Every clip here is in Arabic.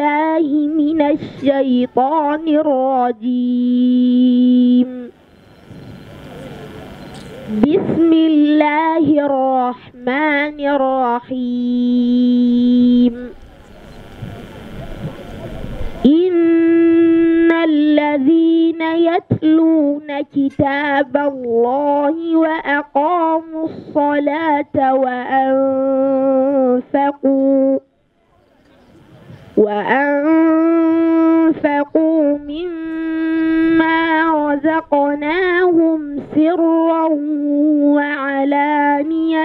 بالله من الشيطان الرجيم بسم الله الرحمن الرحيم إن الذين يتلون كتاب الله وأقاموا الصلاة وأنفقوا وأنفقوا مما رزقناهم سرا وعلانية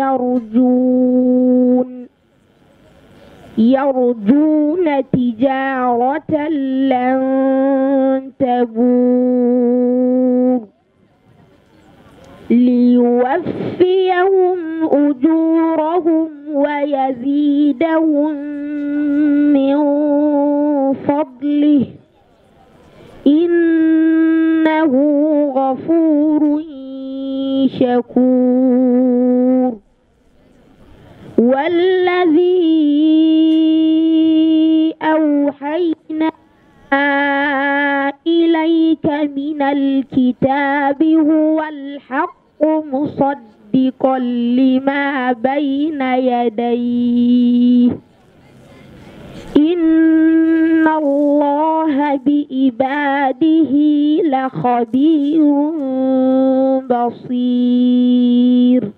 يرجون يرجون تجارة لن تبور ليوفيهم أجورهم ويزيدهم من فضله إنه غفور شكور والذي أوحينا إليك من الكتاب هو الحق مصدق مصدقا لما بين يديه إن الله بإباده لخبير بصير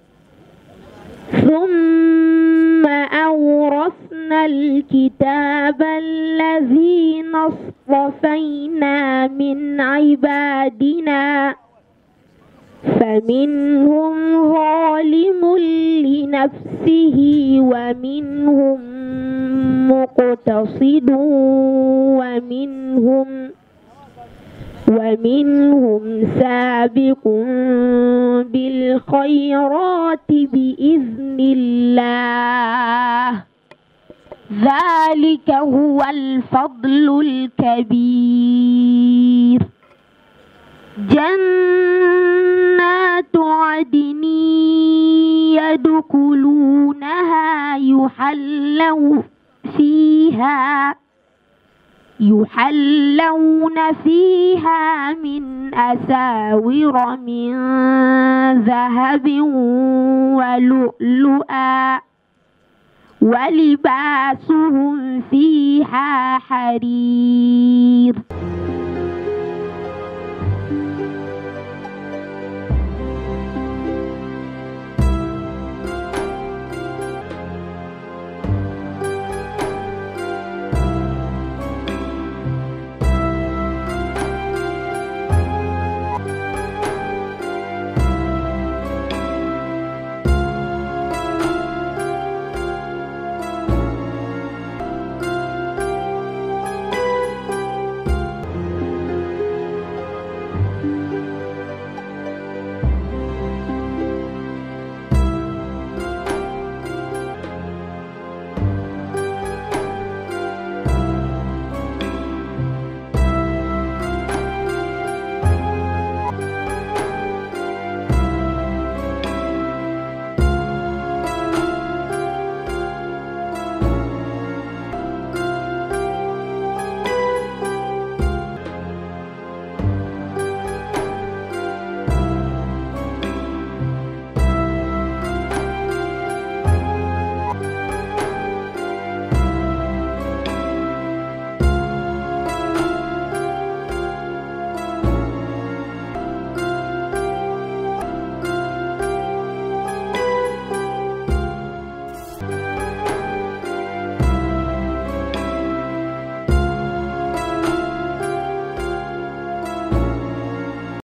ثم أورثنا الكتاب الذين اصطفينا من عبادنا فمنهم ظالم لنفسه ومنهم مقتصد ومنهم ومنهم سابق بالخيرات بإذن الله ذلك هو الفضل الكبير يحلون فيها من أساور من ذهب ولؤلؤا ولباسهم فيها حرير